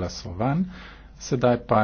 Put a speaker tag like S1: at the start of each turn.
S1: glasovanj, sedaj pa